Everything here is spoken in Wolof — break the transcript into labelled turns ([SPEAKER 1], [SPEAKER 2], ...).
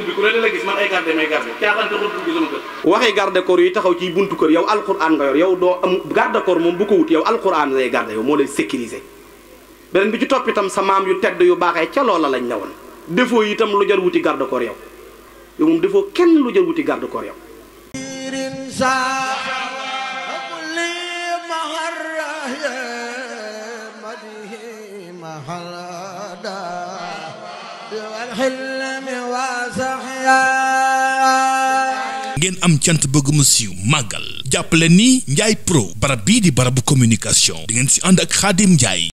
[SPEAKER 1] bi ku leen la gis man ay garde may garde caaxaan taxul dugg sama kër
[SPEAKER 2] waxee garde corps yi taxaw ci buntu kër yow alquran nga yor yow doo am garde corps moom bu ko wut yow alquran lay garde yow moo lay sécuriser beneen bi ci topp itam sa maam yu tedd yu baaxee ca loola lañ la woon defoo itam lu jar wuti garde corps yow yow
[SPEAKER 3] ngeen am cant bëgguma mu siiw màggal jàppale ni njaay Pro barab bii di barabu communication di ngeen si ànd ak Xaadim Ndiaye